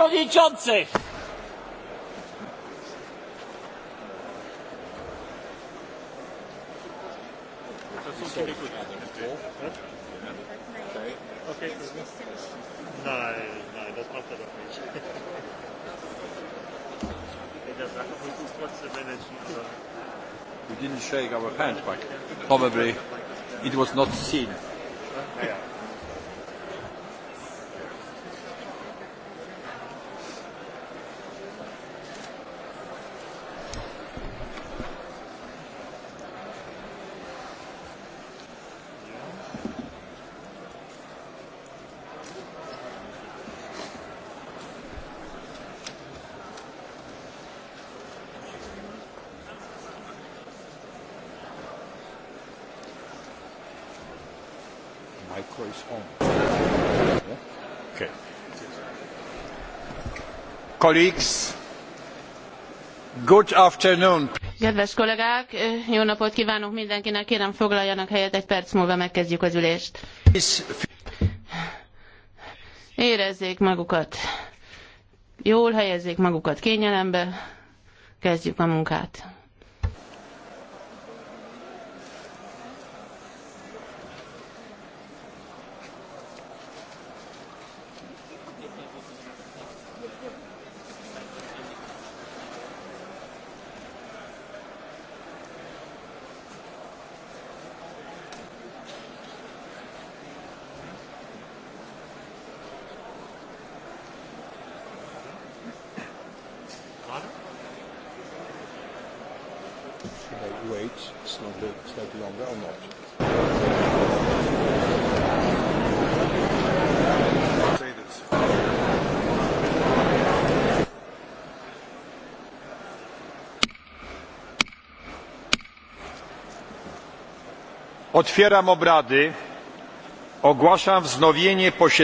przewodniczący! Nein, We didn't shake our hands, but probably it was not seen. Naja. micro is on. Yeah? Okay. Colleagues, good afternoon. Kedves kollégák, jó napot kívánok mindenkinek, kérem foglaljanak helyet, egy perc múlva megkezdjük az ülést. Érezzék magukat, jól helyezzék magukat kényelembe, kezdjük a munkát. should I wait slightly, slightly longer Otwieram obrady. Ogłaszam wznowienie posiedzenia.